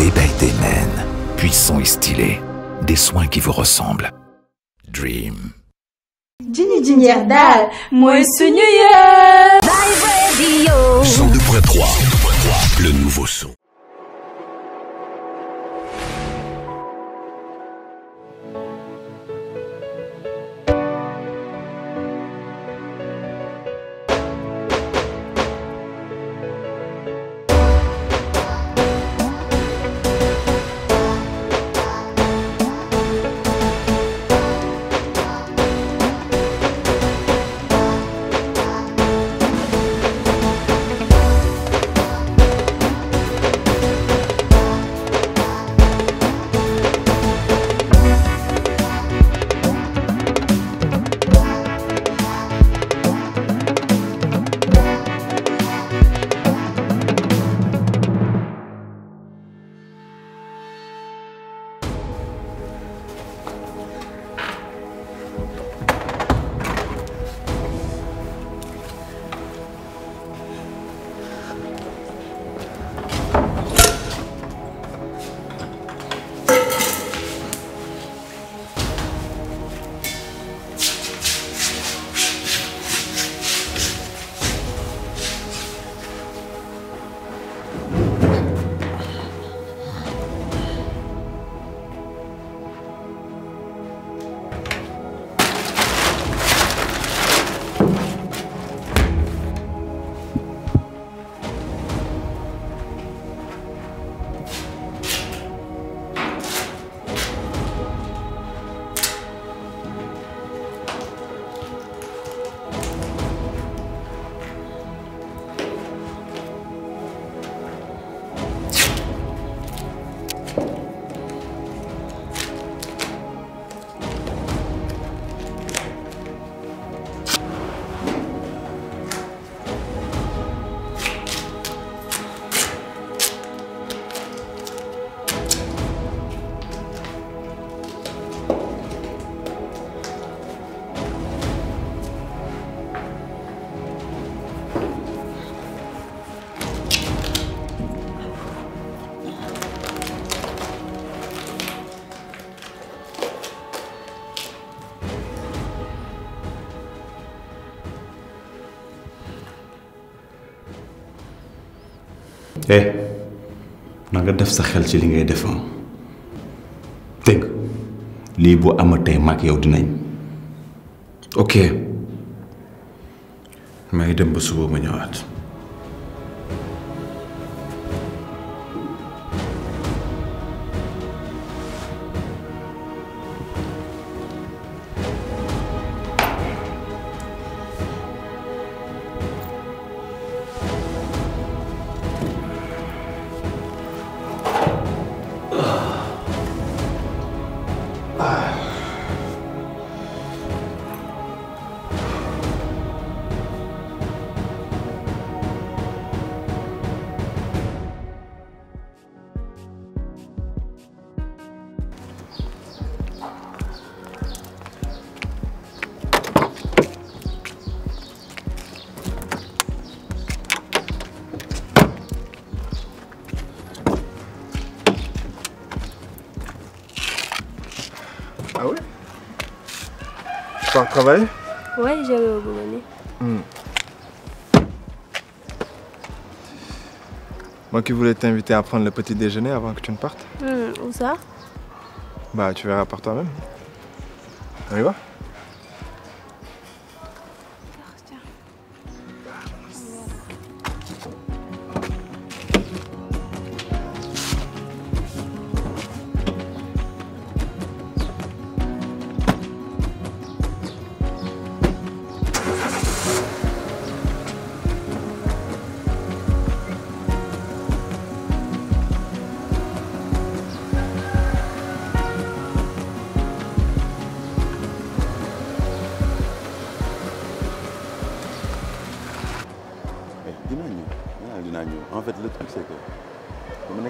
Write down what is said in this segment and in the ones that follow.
Des belles Day puissants et stylés, des soins qui vous ressemblent. Dream. Dini d'une Dal, moi c'est New Year! 102.3, le nouveau son. eh na nga def sa xel ci li ngay def am ah. lii bu amatee mag yow dinañ ok may dem ba suba ma ñëwaat. travail Ouais, j'avais au boulot. Moi qui voulais t'inviter à prendre le petit déjeuner avant que tu ne partes. Hmm, où ça Bah, tu verras par toi-même. allez y va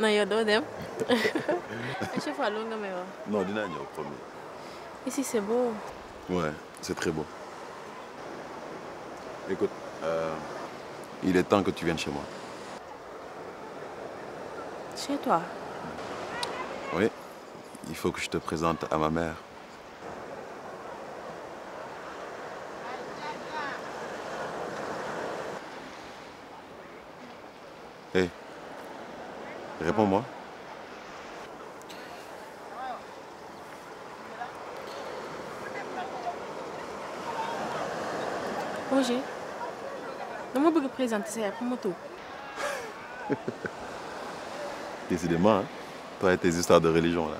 non il y a deux chaque fois loolu nga Non, wax. non dinaa au premier..! ici c'est beau. ouais c'est très beau. écoute euh, il est temps que tu viennes chez moi. chez toi. oui il faut que je te présente à ma mère. Hey. Réponds-moi. Roger, ne bëgg présenter sa yaay pour ma Décidément hein. toi et tes histoires de religion là.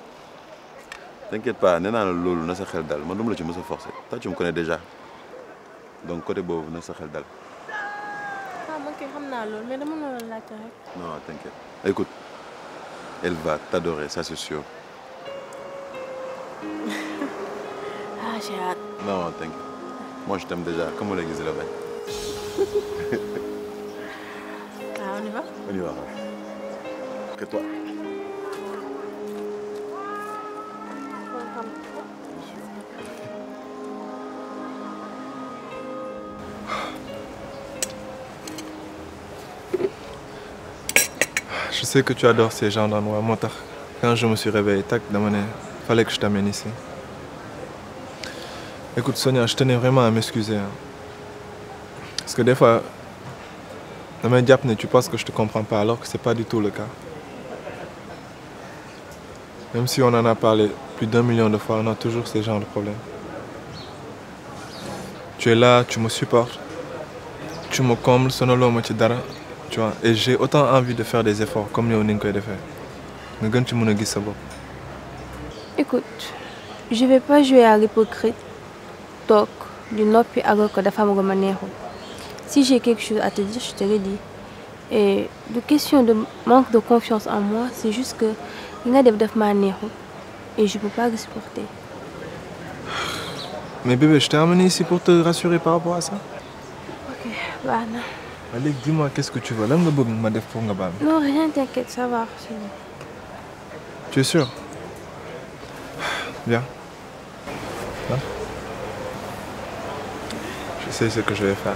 T'inquiète pas je ne sais pas. na sa xel dal man dama la ci forcer toi tu me connais déjà donc côté boobu na sa xel dal. ah man kay xam naa loolu mais dama tu la fait rek. non t'inquiète écoute elle va t'adorer, ça c'est sûr. ah, j'ai hâte. Non, t'inquiète. Moi, je t'aime déjà. Comment les dit là-bas On y va On y va. Que toi. sais que tu adores ces gens dans Noir Quand je me suis réveillé, tac, il fallait que je t'amène ici. Écoute Sonia, je tenais vraiment à m'excuser. Hein. Parce que des fois, dans mes diapnes, tu penses que je te comprends pas alors que c'est pas du tout le cas. Même si on en a parlé plus d'un million de fois, on a toujours ces genre de problème. Tu es là, tu me supportes, tu me combles, sonolo, dara tu vois et j'ai autant envie de faire des efforts comme Léonine a nga gën ci a ça. sa écoute je vais pas jouer à l'hypocrite Donc, du nord puis que dafa am femme ma si j'ai quelque chose à te dire je te le dis et de question de manque de confiance en moi c'est juste que je nga def et je peux pas le supporter. mais bébé je t'ai amené ici pour te rassurer par rapport à ça. ok voilà. Allez, dis-moi, qu'est-ce que tu veux Là, Non, rien, t'inquiète, ça va, Tu es sûr Bien. je sais ce que je vais faire.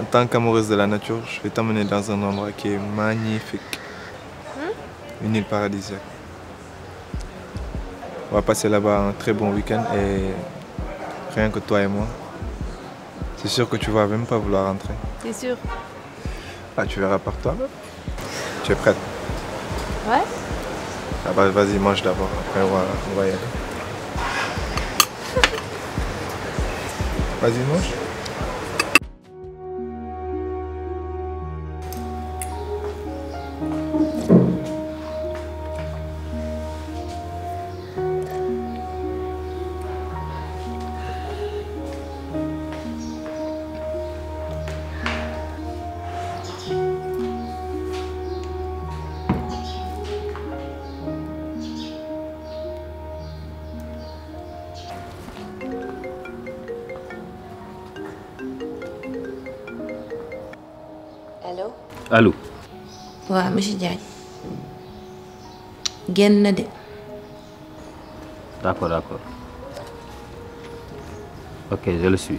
En tant qu'amoureuse de la nature, je vais t'emmener dans un endroit qui est magnifique. Hmm? Une île paradisiaque. On va passer là-bas un très bon week-end et rien que toi et moi, c'est sûr que tu vas même pas vouloir rentrer. C'est sûr. Ah, tu verras par toi-même. Tu es prête Ouais. Ah bah vas-y, mange d'abord, après on va y aller. Vas-y, mange. Allô. Oui monsieur Diagne Je suis d'accord d'accord ok je le suis.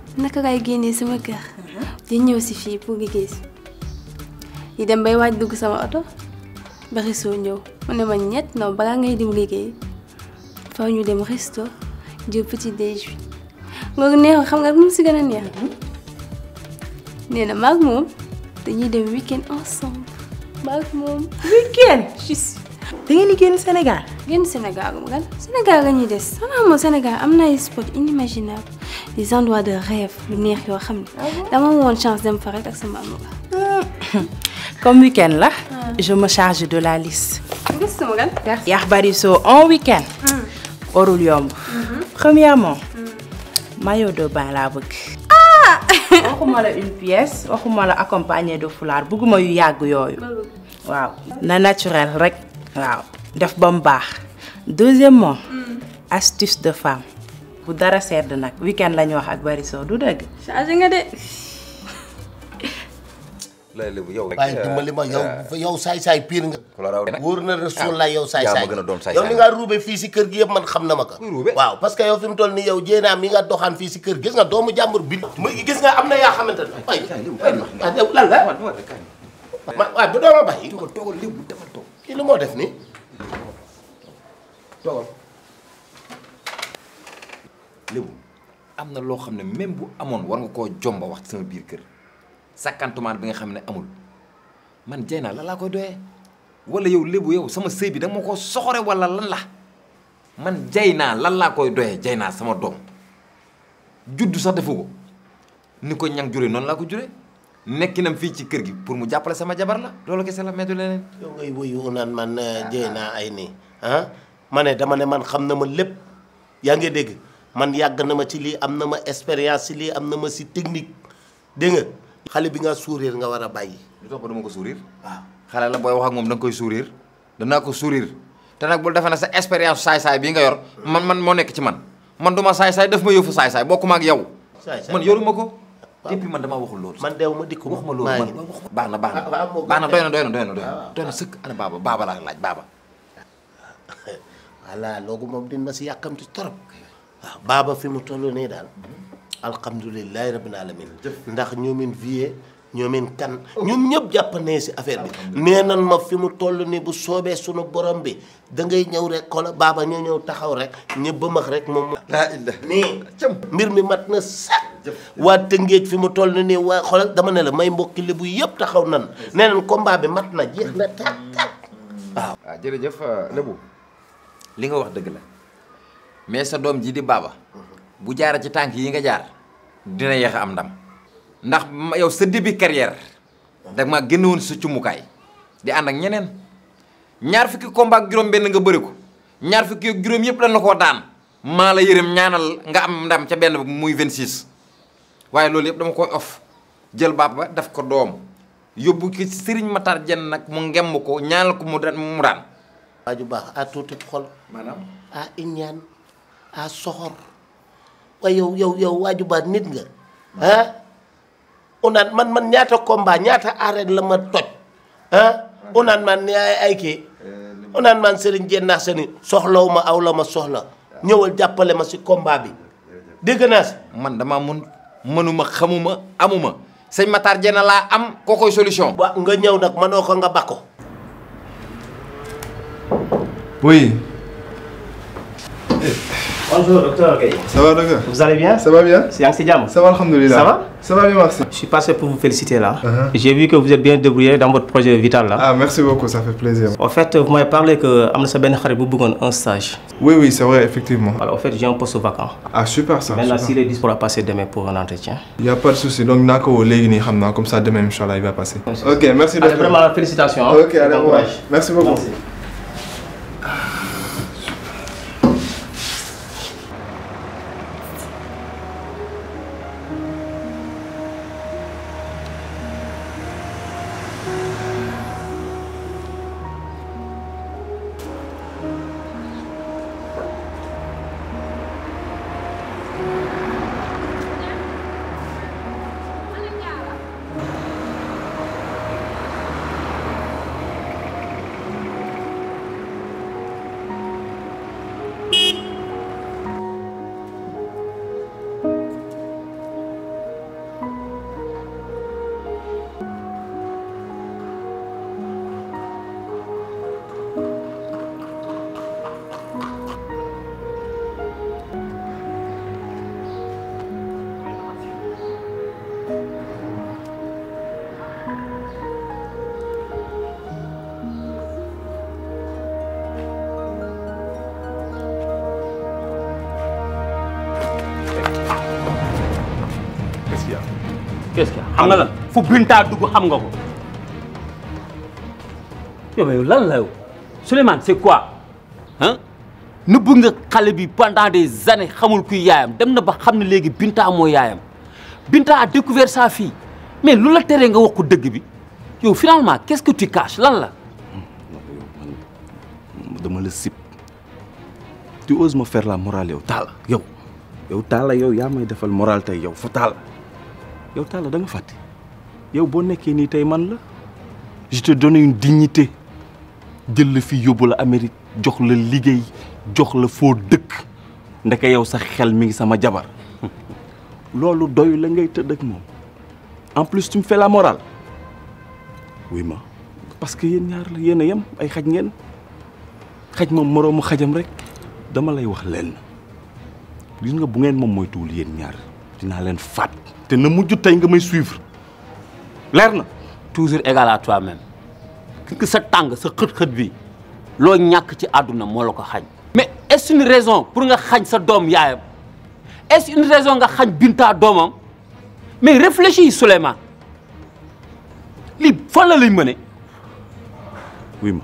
naka laay génne sama kër. di ñëw si fii pour liggéey si. di dem bay waaj dugg sama oto ba resto ñëw mu ne ma ñett non balaa ngay dem liggéey faw ñu dem resto jël petit déj bi loolu neexul xam nga mu si gën a neex. nee na maag moom dañuy dem weekend ensemble maag moom. weekend juste. da ngeen di génn Sénégal. génn Sénégal mu ñuy des xanaa moom Sénégal am na ay inimaginable des endroits de rêve yu neex yoo xam ne dama woon chance dem fa rek ak sama am comme week-end la je me charge de la liste Yax Bari Show en week-end warul mm. yomb mm-hmm. premièrement mm. maillot de bain laa ah! bëgg waxuma la une pièce waxuma la accompagner de foulard bëgguma yu yàgg yooyu waaw na naturel rek waaw def ba mu baax deuxièmement mm. astuce de femme bu dara sedd nak weekend lañ wax ak bari so du deug changé nga de. léeg-léeg bu yow rek waaye euh, dimbali ma yow euh, yow say say pire nga. wor na rasul la yow say say yow ni nga roubé fi ci kër gi yeb man xam na ma ko. waaw parce que yow fim toll ni yow jéenaa mi nga doxane fi ci kër gis nga doomu jambour bi. ma gis nga amna ya xamantene xamante ne la ma la do ma dooma bàyyi. toogal toogal lépp dafa toog. kii lu mo def ni toogal lébu amna lo xamne même bu amone war nga ko jomba wax sama biir kër sakantuman bi nga xamne amul man jey la la ko doye wala yow lebu yow sama sey bi da mako soxore wala lan la man jey la la koy doye jey sama dom juddu sax defugo niko ñang jure non la ko jure nekinam fi ci kër gi pour mu jàppale sama jabar la lolu kese la meddu lenen yow ngay woyu nan man jey euh, ay ni han ah? mané dama né man xamna ma lepp ya nga dégg man yàgg na ma ci li am na ma experience ci lii am na ma ci technique de nga xale bi nga sourire nga wara bayyi bàyyi. lu tax ba dama ko sourire. waaw xale la boy wax ak mom dang koy sourire dana ko sourire te nak bul defe na sa experience say say bi nga yor man man mo nek ci man man duma say say def ma yofu say say bokuma ak yow. man yoruma ko. et man dama waxul loolu. man dewuma dikku wax ma loolu man baxna baxna ah, ah, baxna doyna doyna doyna doyna na doy ana baba baba la laaj baba voilà loolu mom din ma si yàkkamti torop baaba fi mu toll nii daal alhamdulilahi rabbil alamin ndax ñoomin vie ñoomin kan oh. ñoom ñëpp jàppandee si affaire bi nee nan ma fi mu toll nii bu soobee sunu borom bi da ngay ñëw rekk xoola baaba ñoo ñëw taxaw rek ñë bëmax rek moom mbir mi mat na sax waa Tëngéej fi mu toll nii waa xoolal dama ne la may mbokki li bu yëpp taxaw nan nee nan combat bi mat na jeex na tak tak waaw ah, waaw jërëjëf Nabou li nga wax dëgg la mais sa dom ji di baba mhm. bu jaar ci tank yi nga jaar dina yéex am ndam ndax yow sa début carrière mhm. dag ma won su ciumu kay di and ak ñeneen ñaar fukki combat ak juróom benn nga bëri ko ñaar fukki ak juróom yëpp lan na koo daan ma la yërëm ñaanal nga am ndam ca ben muy 26 waye loolu yep dama ko off jël baba ba daf ko dom yobbu ki serigne Matar Jenn nak mu ngem ko ñaanal ko mu daan mu daan. a tuti xol. manam a iñane a soxor waaye yow yow yow waajubaat nit nga ah onan man man ñaata combat ñaata arène la ma toj ah onan man ay ay ki onan man serigne jenna seni soxlawuma ma aw ma soxla ñewal jappale ma si combat bi deug nas man dama mun manuma xamuma amuma sëñ Matar Dieng la am kokoy solution. waaw nga ñew nak manoko nga bako oui. Bonjour docteur Ça va docteur Vous allez bien Ça va bien C'est Yang Diam. Ça va alhamdoulilah. Ça va Ça va bien merci. Je suis passé pour vous féliciter là. Uh-huh. J'ai vu que vous êtes bien débrouillé dans votre projet vital là. Ah merci beaucoup, ça fait plaisir. En fait, vous m'avez parlé que Amnasa Ben Kharibou est un stage. Oui oui, c'est vrai effectivement. Alors en fait, j'ai un poste vacant. Ah super ça. Maintenant, s'il est disponible, la passer demain pour un entretien. Il n'y a pas de souci. Donc Nako Legni comme ça demain inchallah il va passer. Merci. OK, merci docteur. Allez, vraiment félicitations. Hein. OK, allez, bon courage. Merci beaucoup. Merci. qu'est-ce que xam nga lan fu Binta dugg xam nga ko. yow lan la yow Souleymane c'est quoi Hein? nëbbu nga xale bi pendant des années xamul kuy yaayam dem na ba xam ne léegi Binta moo yaayam Binta a découvert sa fille mais lu la teree nga wax ko dëgg bi yow finalement qu'est-ce que tu caches lan la. dama la sip tu oses me faire la morale yow Talla yow Yo Talla yow yaa may defal morale tey yow fa yow tala da nga yow bo je te donne une dignité De la fi yobula la jox la liguey jox la fo deuk ndaka yow sax xel mi ngi sama jabar doyu la ngay ak en plus tu me fais la morale oui ma parce que yeen ñaar la yeen rek dama lay wax nga bu ngeen te na mujj tey nga may suivre leer toujours égal à toi-même ki sa tàng sa xët-xët bi loo ñàkk ci àdduna moo la ko mais est-ce une raison pour nga xañ sa dom yaayam est-ce une raison nga xañ Binta dom? mais réfléchis Souleymane Li, fan la lay oui ma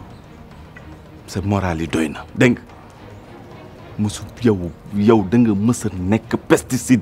C'est moral yi doyna. na dégg nga mosu yow yow da nga pesticide.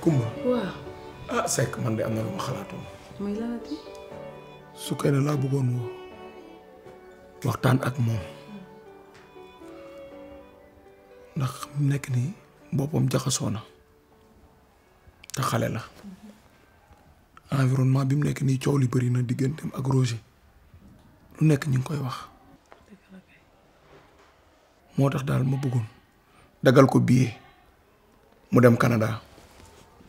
Kumba wa ah sek man de amna na lu muy laati su kay la laa bëggoon woo waxtaan ak mom ndax mu nekk nii boppam jaxasoo na te xale la environnement bi mu nekk ni ciow li bari na digëntem ak Roger lu nekk ñing koy wax motax dal ma bëggoon dagal ko billet mu dem Canada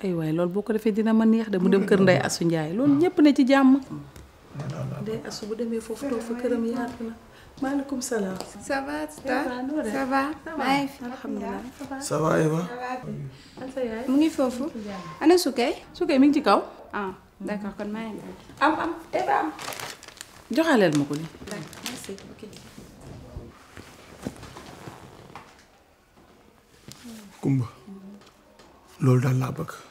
ay waaye loolu boo ko defee dina ma neex de mu dem mm. kër Ndey Asu Njaay loolu ñëpp ne ci jàmm mm. mm. Ndey Asu bu demee foofu toog ngi mu ngi foofu. ana Sukay. Sukay mi ngi ci kaw. ah d'accord kon maa ngi am am Eva am. joxaleel ma ko nii. Kumba loolu daal laa bëgg.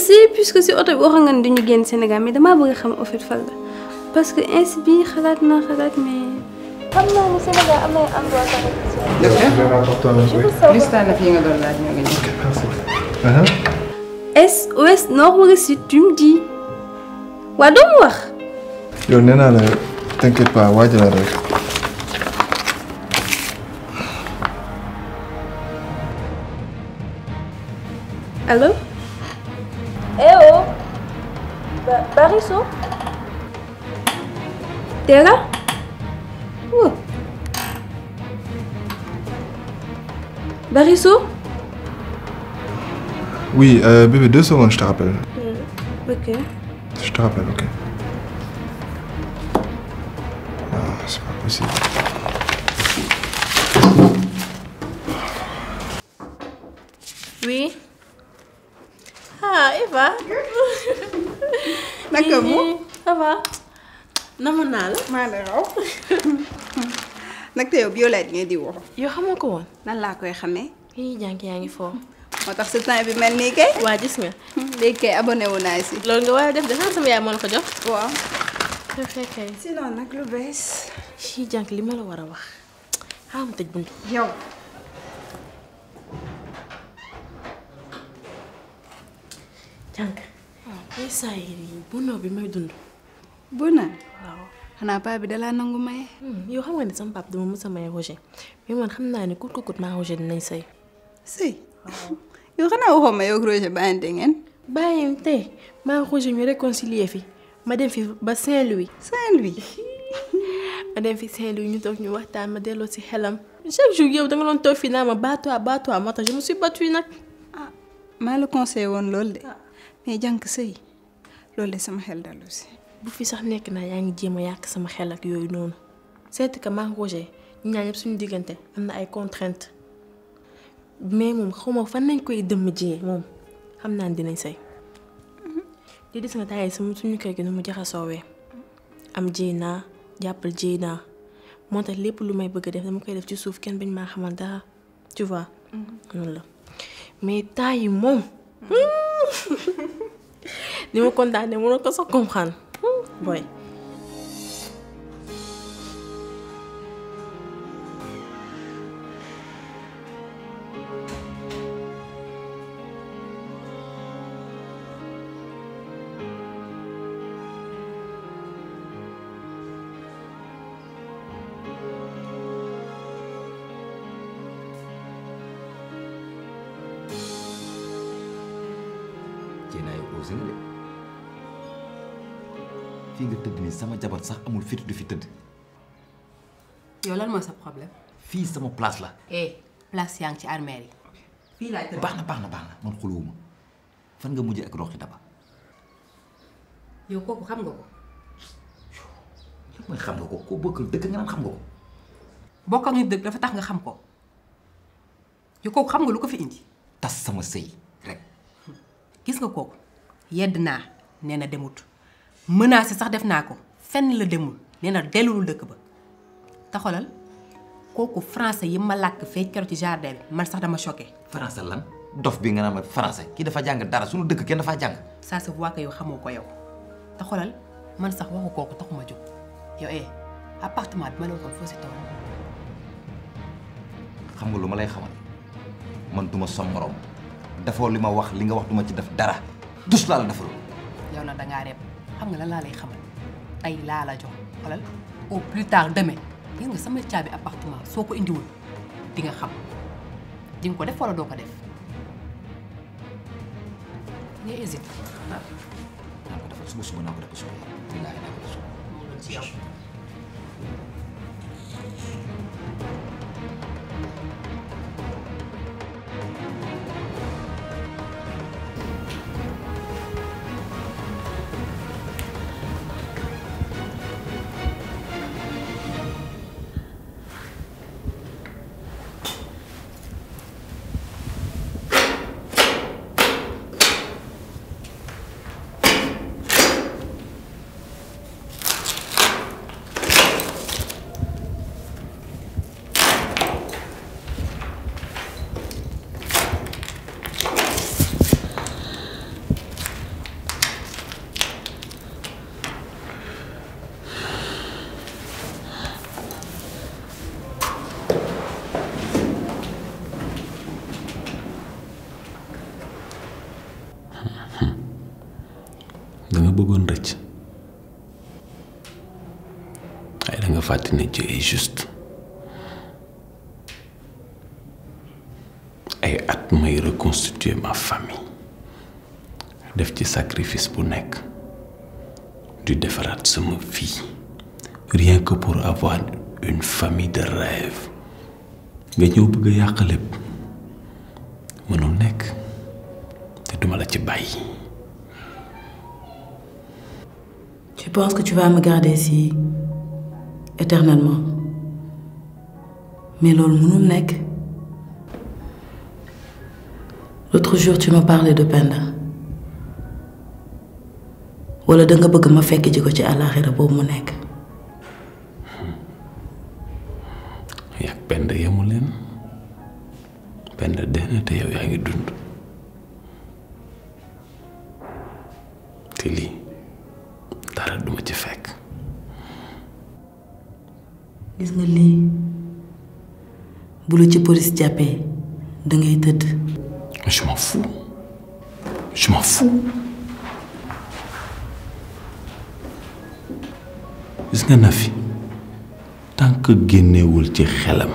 sais puisque si oto bi waxoon duñu génn Sénégal mais damaa bëgg xam au fait la parce que insi bi xalaat naa xalaat mais. xam naa uh-huh. nord wala sud tu me dis waa doo wax. yow nee naa la t'inquiète pas waajalal rek. Barisso, hein? t'es là? Barisso Oui, euh, bébé, deux secondes, je te rappelle. Hmm, ok. Je te rappelle, ok. c'est pas possible. Oui ah Eva. naka mu ça va. nama naa la. maa la raw. nag te yow Violette ngay di woo. yoo xamoo ko woon. nan laa koy xamee. kii jànk yaa ngi foofu. moo tax sa temps bi mel nii kay. waa gis nga. léegi kay abonné wu naa si. loolu nga war a def dafa sama yaay moo la ko jox. waaw. su fekkee. sinon nag lu bees. kii jànk li ma la war a wax. xaaral ma tëj buntu. jàng. waaw ay saa bi may dund. bonheur. waaw xanaa bi dalaa nangu maye. Hmm, yow xam nga ni sama pap dama mës a maye Roger mais xam naa ne kut ko kut maa Roger dinañ sëy. sëy yow xanaa waxoo ma yow Roger bàyyante ngeen. bàyyante maa Roger ñu réconcilier fi ma dem fi ba Saint-Louis. Saint-Louis. ma dem fi Saint-Louis ñu toog ñu waxtaan ma delloo si xelam. chaque jour yow da nga doon toog naa ma baatuwaa baatuwaa moo tax je me suis nag. Ah, maa la conseillé woon loolu de. Ah. mais jànk sëy loolu de sama xel dalu si. bu fi sax nekk naa yaa ngi jéem a yàq sama xel ak yooyu noonu c'est que maa Roger ñu ñaan ñëpp suñu diggante am na ay contraintes mais moom xawma fan nañ koy dëmm jiyee moom xam naa dinañ sëy mm-hmm. li des nga taay sama suñu kër gi nu mu jaxasoowee am jiy naa jàppal jiy naa lépp lu may bëgg a def dama koy def ci suuf kenn bañ maa xamal dara tu mm-hmm. moom. Mm-hmm. ni ma kontaanee mënoo ko sax comprendre booy. sama jabar sax amul fit du fi tëdd. yow lan mooy sa problème. fii sama place la. eh place yaa ngi ci armère yi. fii laay tëdd baax na baax na baax na man xulóowuma fan nga mujjee ak rox ci daba. yow kooku xam nga ko. xam nga ko koo bokkal dëkk nga naan xam bokk ak nit dëkk dafa tax nga xam ko yow kooku xam nga lu ko fi indi. tas sama sëy rek. gis nga kooku yedd naa nee na demut menacé sax def naa ko. fenn la demul nee na delluwul dëkk ba te xolal kooku français yi ma làkk fee keroog ci jardin bi man sax dama choqué. français lan dof bi nga naan français kii dafa jàng dara sunu dëkk kenn dafa jàng. ça se voit que yow xamoo ko yow te xolal man sax waxu kooku taxuma jóg yow eh appartement bi ma la waxoon foo si tool. xam nga lu ma lay xamal man duma som morom dafoo li ma wax li nga wax duma ci def dara dus laa la defaloo. yow nag da ngaa reeb xam nga lan laa lay xamal. tey laa la jox xoolal au plus tard demain gis nga sama caabi appartement soo ko indiwul di nga xam di ko def wala doo ko def nga hésite. Ah. naa ko defal suba suba naa ko defal ko defal suba. bëggoon rëcc ay da nga fàtte ne Dieu juste ay at may reconstituer ma famille def ci sacrifice bu nekk di defaraat sama vie rien que pour avoir une famille de rêve nga ñëw bëgg a yàq lépp mënul nekk te duma la ci bàyyi. Je pense que tu vas me garder ici éternellement. Mais lol, nek. L'autre jour, tu m'as parlé de Penda. wala da nga bëgg ma fekk ji ko ci àllaaxira boobu mu nekk. yàgg Penda yemu leen Penda dee na te yow yaa ngi dund. la police da ngay je m'en fous je m'en fous gis Nafi tant que génnewul ci xelam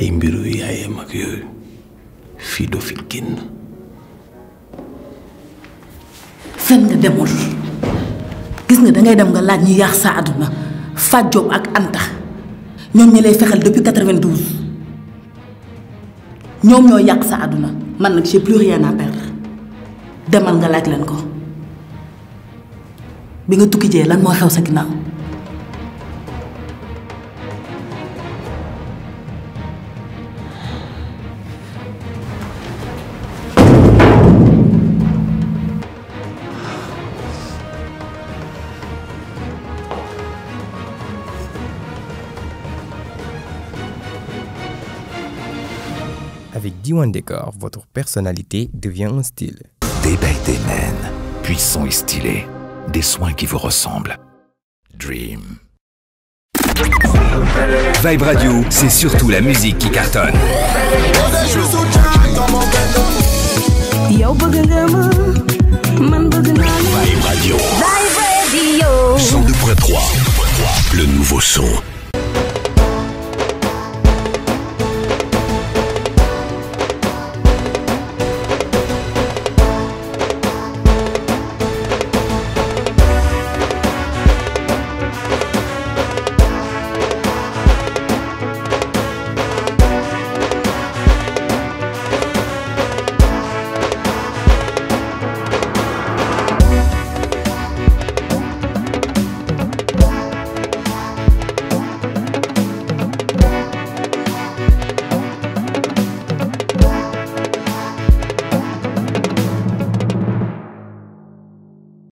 ay mbiru yaayam ak yooyu fii do fi génn. fen nga demul gis nga ngay dem nga laaj ñu yaax sa aduna ak Anta ñom ñi lay fexel depuis 92 ñom ñoy yàq sa aduna man nak j'ai plus rien à perdre demal nga laaj leen ko bi nga tukki je lan mo xew sa ginnaaw. un décor, votre personnalité devient un style. Des belles des puissants et stylés, des soins qui vous ressemblent. Dream. Vibe Radio, c'est surtout la musique qui cartonne. Vibe Radio. Vibe Radio. le nouveau son.